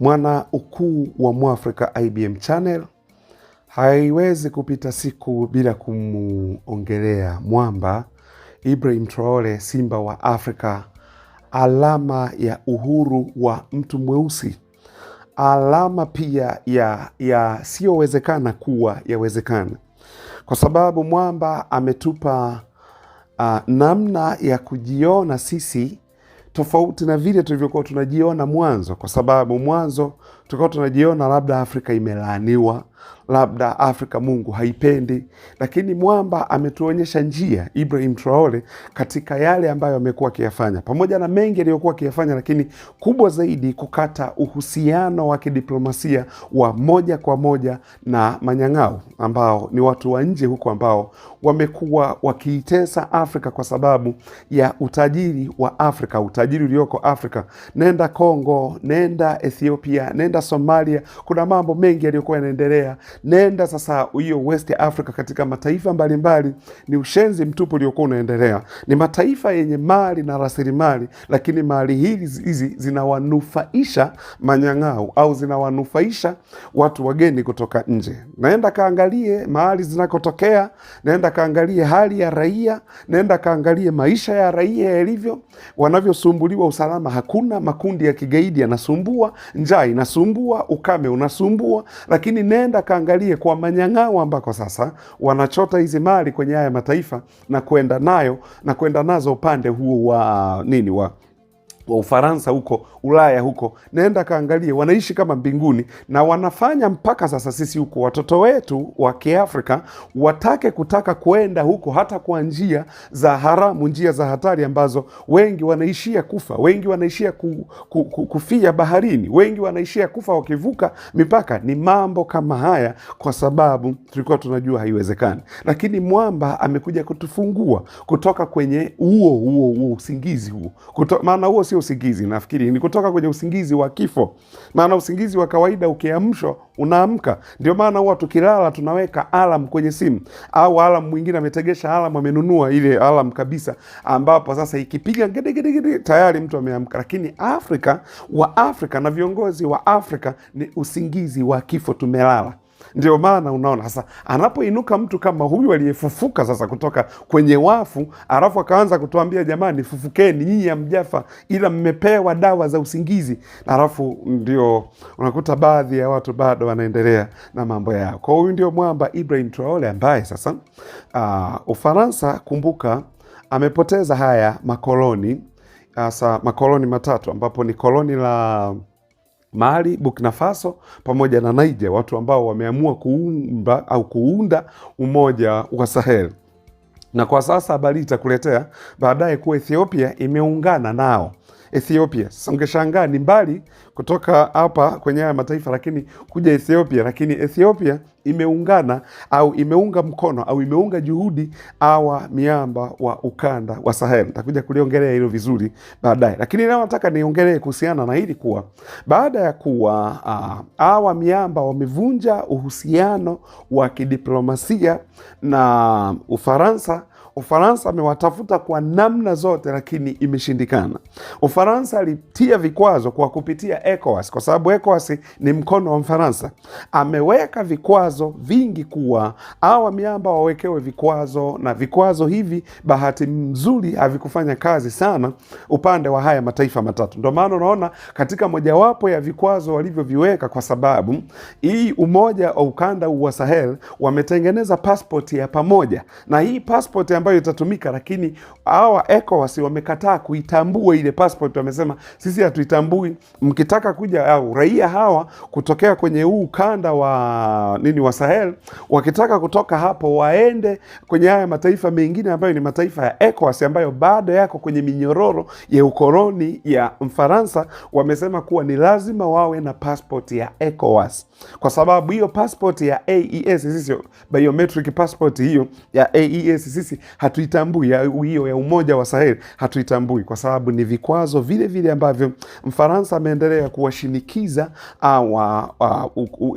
mwana ukuu wa Mwafrika IBM Channel haiwezi kupita siku bila kumuongelea mwamba Ibrahim Traore, simba wa Afrika, alama ya uhuru wa mtu mweusi, alama pia ya yasiyowezekana kuwa yawezekana, kwa sababu mwamba ametupa uh, namna ya kujiona sisi tofauti na vile tulivyokuwa tunajiona mwanzo, kwa sababu mwanzo tukawa tunajiona labda Afrika imelaaniwa, labda Afrika Mungu haipendi, lakini mwamba ametuonyesha njia, Ibrahim Traore, katika yale ambayo amekuwa akiyafanya, pamoja na mengi aliyokuwa akiyafanya, lakini kubwa zaidi kukata uhusiano wa kidiplomasia wa moja kwa moja na manyang'au ambao ni watu wa nje huko ambao wamekuwa wakiitesa Afrika kwa sababu ya utajiri wa Afrika, utajiri ulioko Afrika. Nenda Kongo, nenda Ethiopia, nenda nenda Somalia, kuna mambo mengi yaliyokuwa yanaendelea. Nenda sasa hiyo West Africa, katika mataifa mbalimbali mbali, ni ushenzi mtupu uliokuwa unaendelea. Ni mataifa yenye mali na rasilimali, lakini mali hizi zinawanufaisha manyang'au au zinawanufaisha watu wageni kutoka nje. Naenda kaangalie mahali zinakotokea, naenda kaangalie hali ya raia, naenda kaangalie maisha ya raia yalivyo, wanavyosumbuliwa, usalama hakuna, makundi ya kigaidi yanasumbua, njaa inasumbua unasumbua, ukame unasumbua, lakini nenda kaangalie kwa manyang'ao ambako sasa wanachota hizi mali kwenye haya mataifa na kwenda nayo na kwenda nazo upande huo wa nini wa wa Ufaransa huko Ulaya huko, naenda kaangalie, wanaishi kama mbinguni, na wanafanya mpaka sasa sisi huko watoto wetu wa Kiafrika watake kutaka kuenda huko, hata kwa njia za haramu, njia za hatari ambazo wengi wanaishia kufa, wengi wanaishia ku, ku, ku, kufia baharini, wengi wanaishia kufa wakivuka mipaka. Ni mambo kama haya, kwa sababu tulikuwa tunajua haiwezekani, lakini mwamba amekuja kutufungua kutoka kwenye huo huo huo usingizi huo, maana huo sio sio usingizi, nafikiri ni kutoka kwenye usingizi wa kifo, maana usingizi wa kawaida ukiamshwa unaamka. Ndio maana huwa tukilala tunaweka alam kwenye simu au alam, mwingine ametegesha alam, amenunua ile alam kabisa, ambapo sasa ikipiga gedegedegede tayari mtu ameamka. Lakini Afrika wa Afrika na viongozi wa Afrika ni usingizi wa kifo, tumelala. Ndio maana unaona sasa, anapoinuka mtu kama huyu aliyefufuka sasa kutoka kwenye wafu, alafu akaanza kutuambia jamani, fufukeni nyinyi, hamjafa ila mmepewa dawa za usingizi, alafu ndio unakuta baadhi ya watu bado wanaendelea na mambo yao. Kwa huyu ndio mwamba Ibrahim Traore ambaye sasa uh, Ufaransa kumbuka, amepoteza haya makoloni asa makoloni matatu, ambapo ni koloni la Mali, Burkina Faso pamoja na Niger, watu ambao wameamua kuumba au kuunda umoja wa Sahel. Na kwa sasa habari itakuletea baadaye kuwa Ethiopia imeungana nao Ethiopia. Sasa ungeshangaa ni mbali kutoka hapa kwenye haya mataifa, lakini kuja Ethiopia, lakini Ethiopia imeungana au imeunga mkono au imeunga juhudi awa miamba wa ukanda wa Sahel. Nitakuja kuliongelea hilo vizuri baadaye, lakini leo nataka niongelee kuhusiana na hili kuwa baada ya kuwa ah, awa miamba wamevunja uhusiano wa kidiplomasia na Ufaransa Ufaransa amewatafuta kwa namna zote, lakini imeshindikana. Ufaransa alitia vikwazo kwa kupitia ECOWAS, kwa sababu ECOWAS ni mkono wa Mfaransa. Ameweka vikwazo vingi kuwa hawa miamba wawekewe vikwazo, na vikwazo hivi bahati nzuri havikufanya kazi sana upande wa haya mataifa matatu. Ndio maana unaona katika mojawapo ya vikwazo walivyoviweka, kwa sababu hii umoja wa ukanda wa Sahel wametengeneza pasipoti ya pamoja, na hii pasipoti ambayo itatumika, lakini hawa ECOWAS wamekataa kuitambua ile passport. Wamesema sisi hatuitambui, mkitaka kuja au raia hawa kutokea kwenye huu ukanda wa nini wa Sahel, wakitaka kutoka hapo waende kwenye haya mataifa mengine ambayo ni mataifa ya ECOWAS ambayo bado yako kwenye minyororo ya ukoloni ya Mfaransa, wamesema kuwa ni lazima wawe na passport ya ECOWAS kwa sababu hiyo passport ya AES sisi biometric passport hiyo ya AES sisi hatuitambui hiyo ya, ya umoja wa Sahel hatuitambui kwa sababu ni vikwazo vile vile ambavyo Mfaransa ameendelea kuwashinikiza ah,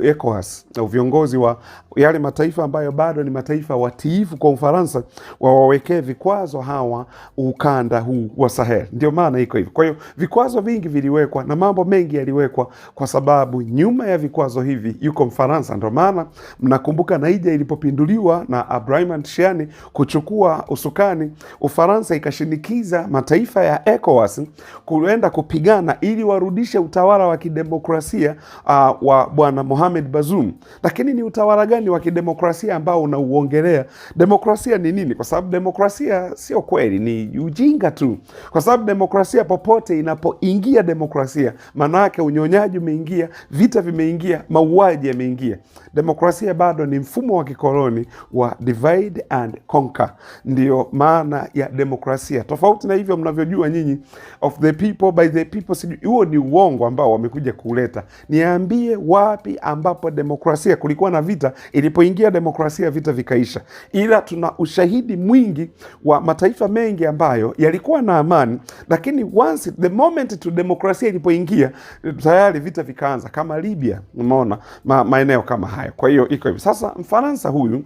ECOWAS na viongozi wa yale mataifa ambayo bado ni mataifa watiifu kwa Ufaransa wawawekee vikwazo hawa ukanda huu wa Sahel. Ndio maana iko hivyo. Kwa hiyo vikwazo vingi viliwekwa na mambo mengi yaliwekwa kwa sababu nyuma ya vikwazo hivi yuko Mfaransa. Ndio maana mnakumbuka Naija ilipopinduliwa na Abdrahman Tiani kuchukua usukani, Ufaransa ikashinikiza mataifa ya ECOWAS kuenda kupigana ili warudishe utawala wa kidemokrasia uh, wa bwana Mohamed Bazoum. Lakini ni utawala gani wa kidemokrasia ambao unauongelea? Demokrasia ni nini? Kwa sababu demokrasia sio kweli, ni ujinga tu, kwa sababu demokrasia popote inapoingia demokrasia, maanake unyonyaji umeingia, vita vimeingia, mauaji yameingia. Demokrasia bado ni mfumo wa kikoloni wa divide and conquer ndio maana ya demokrasia, tofauti na hivyo mnavyojua nyinyi, of the people by the people. Sijui huo ni uongo ambao wamekuja kuleta. Niambie wapi ambapo demokrasia kulikuwa na vita? Ilipoingia demokrasia vita vikaisha, ila tuna ushahidi mwingi wa mataifa mengi ambayo yalikuwa na amani, lakini once the moment to demokrasia ilipoingia tayari vita vikaanza, kama Libya. Umeona ma, maeneo kama hayo. Kwa hiyo iko hivi sasa, Mfaransa huyu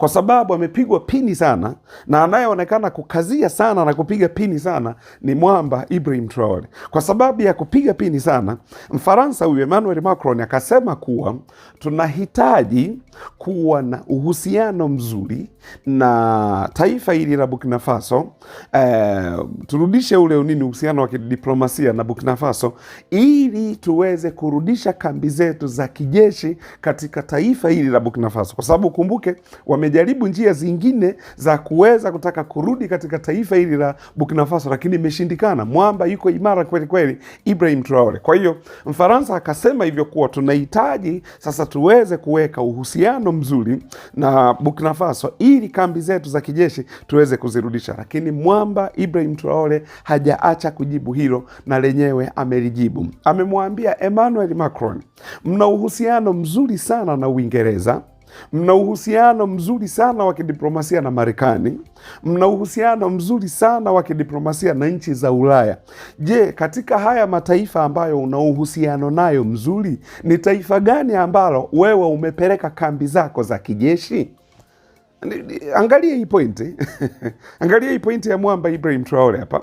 kwa sababu amepigwa pini sana, na anayeonekana kukazia sana na kupiga pini sana ni mwamba Ibrahim Traore. Kwa sababu ya kupiga pini sana, Mfaransa huyu Emmanuel Macron akasema kuwa tunahitaji kuwa na uhusiano mzuri na taifa hili la Burkina Faso, eh, turudishe ule unini uhusiano wa kidiplomasia na Burkina Faso ili tuweze kurudisha kambi zetu za kijeshi katika taifa hili la Burkina Faso, kwa sababu kumbuke wame imejaribu njia zingine za kuweza kutaka kurudi katika taifa hili la Burkina Faso, lakini imeshindikana. Mwamba yuko imara kweli kweli, Ibrahim Traore. Kwa hiyo Mfaransa akasema hivyo kuwa tunahitaji sasa tuweze kuweka uhusiano mzuri na Burkina Faso ili kambi zetu za kijeshi tuweze kuzirudisha, lakini mwamba Ibrahim Traore hajaacha kujibu hilo, na lenyewe amelijibu. Amemwambia Emmanuel Macron, mna uhusiano mzuri sana na Uingereza mna uhusiano mzuri sana wa kidiplomasia na Marekani, mna uhusiano mzuri sana wa kidiplomasia na nchi za Ulaya. Je, katika haya mataifa ambayo una uhusiano nayo mzuri, ni taifa gani ambalo wewe umepeleka kambi zako za kijeshi? Angalia hii pointi angalia hii pointi ya mwamba Ibrahim Traore hapa.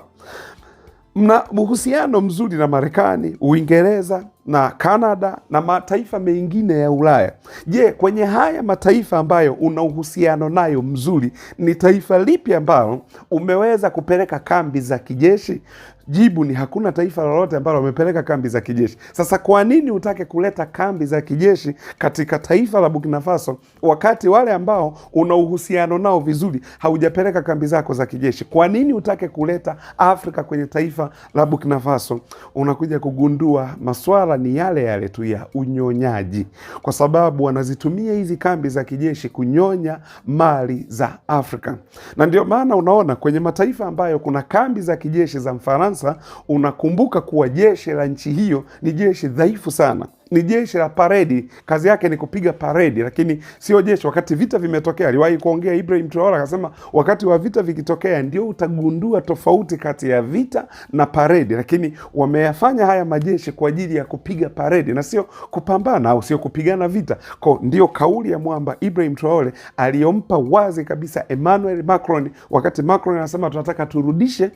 Mna uhusiano mzuri na Marekani, Uingereza, na Kanada na mataifa mengine ya Ulaya. Je, kwenye haya mataifa ambayo una uhusiano nayo mzuri, ni taifa lipi ambalo umeweza kupeleka kambi za kijeshi? Jibu ni hakuna taifa lolote ambalo wamepeleka kambi za kijeshi. Sasa kwa nini utake kuleta kambi za kijeshi katika taifa la Burkina Faso wakati wale ambao una uhusiano nao vizuri haujapeleka kambi zako za kijeshi? Kwa nini utake kuleta Afrika kwenye taifa la Burkina Faso? Unakuja kugundua maswala ni yale yale tu ya unyonyaji, kwa sababu wanazitumia hizi kambi za kijeshi kunyonya mali za Afrika. Na ndio maana unaona kwenye mataifa ambayo kuna kambi za kijeshi za Mfaransa, unakumbuka kuwa jeshi la nchi hiyo ni jeshi dhaifu sana ni jeshi la paredi, kazi yake ni kupiga paredi, lakini sio jeshi. Wakati vita vimetokea, aliwahi kuongea Ibrahim Traore akasema, wakati wa vita vikitokea ndio utagundua tofauti kati ya vita na paredi, lakini wameyafanya haya majeshi kwa ajili ya kupiga paredi na sio kupambana au sio kupigana vita. Kwa ndio kauli ya mwamba Ibrahim Traore aliyompa wazi kabisa Emmanuel Macron, wakati Macron anasema tunataka turudishe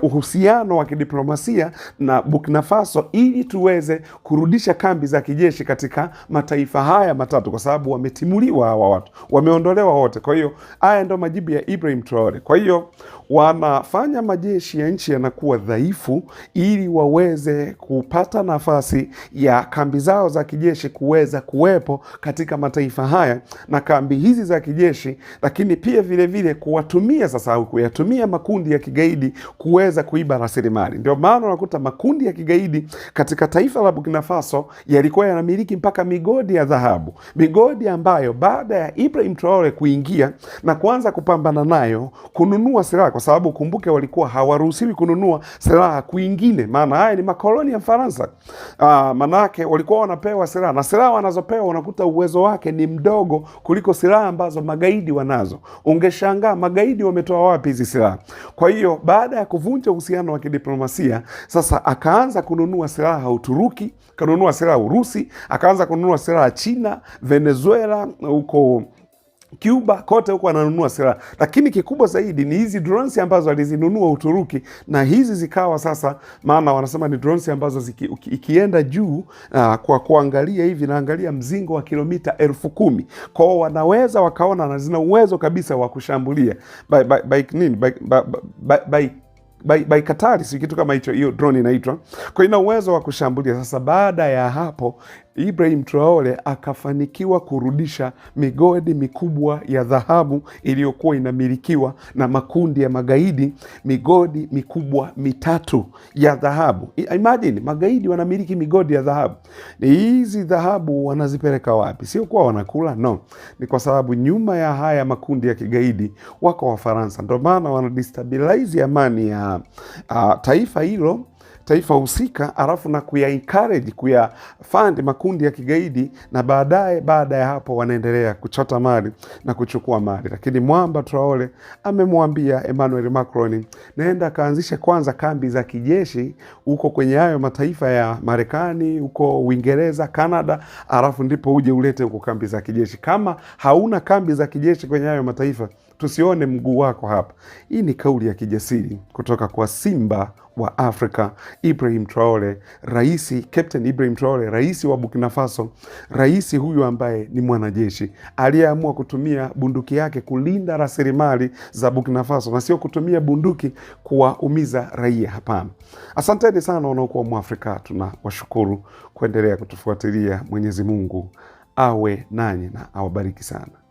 uh, uhusiano wa kidiplomasia na Burkina Faso ili tuweze kurudisha kambi kambi za kijeshi katika mataifa haya matatu, kwa sababu wametimuliwa hawa watu, wameondolewa wote. Kwa hiyo haya ndio majibu ya Ibrahim Traore. Kwa hiyo wanafanya majeshi ya nchi yanakuwa dhaifu, ili waweze kupata nafasi ya kambi zao za kijeshi kuweza kuwepo katika mataifa haya na kambi hizi za kijeshi, lakini pia vilevile kuwatumia sasa au kuyatumia makundi ya kigaidi kuweza kuiba rasilimali. Ndio maana unakuta makundi ya kigaidi katika taifa la Burkina Faso yalikuwa yanamiliki mpaka migodi ya dhahabu, migodi ambayo baada ya Ibrahim Traore kuingia na kuanza kupambana nayo kununua silaha, kwa sababu kumbuke, walikuwa hawaruhusiwi kununua silaha kwingine, maana haya ni makoloni ya Mfaransa. Ah, Maanake walikuwa wanapewa silaha na silaha wanazopewa unakuta uwezo wake ni mdogo kuliko silaha ambazo magaidi wanazo. Ungeshangaa magaidi wametoa wapi hizi silaha? Kwa hiyo baada ya kuvunja uhusiano wa kidiplomasia, sasa akaanza kununua silaha Uturuki, kanunua silaha Urusi, akaanza kununua silaha China, Venezuela, huko Cuba kote huko ananunua silaha, lakini kikubwa zaidi ni hizi drones ambazo alizinunua Uturuki, na hizi zikawa sasa, maana wanasema ni drones ambazo ziki, ikienda juu uh, kwa kuangalia hivi naangalia mzingo wa kilomita elfu kumi kwao wanaweza wakaona na zina uwezo kabisa wa kushambulia by, by, by, by, by, by, by by, by Katari, si kitu kama hicho, hiyo drone inaitwa. Kwa ina uwezo wa kushambulia. Sasa baada ya hapo Ibrahim Traore akafanikiwa kurudisha migodi mikubwa ya dhahabu iliyokuwa inamilikiwa na makundi ya magaidi, migodi mikubwa mitatu ya dhahabu. Imagine magaidi wanamiliki migodi ya dhahabu. Hizi dhahabu wanazipeleka wapi? Sio kuwa wanakula, no. Ni kwa sababu nyuma ya haya makundi ya kigaidi wako Wafaransa, ndio maana wanadestabilize amani ya Ah, taifa hilo taifa husika, alafu na kuya encourage kuya fund makundi ya kigaidi, na baadaye baada ya hapo wanaendelea kuchota mali na kuchukua mali. Lakini mwamba Traore amemwambia Emmanuel Macron, naenda kaanzishe kwanza kambi za kijeshi huko kwenye hayo mataifa ya Marekani, huko Uingereza, canada alafu ndipo uje ulete huko kambi za kijeshi. Kama hauna kambi za kijeshi kwenye hayo mataifa, tusione mguu wako hapa. Hii ni kauli ya kijasiri kutoka kwa simba wa Afrika Ibrahim Traore, raisi Captain Ibrahim Traore, rais wa Burkina Faso, rais huyu ambaye ni mwanajeshi aliyeamua kutumia bunduki yake kulinda rasilimali za Burkina Faso na sio kutumia bunduki kuwaumiza raia. Hapana. Asanteni sana wanaokuwa Mwafrika, tunawashukuru kuendelea kutufuatilia. Mwenyezi Mungu awe nanyi na awabariki sana.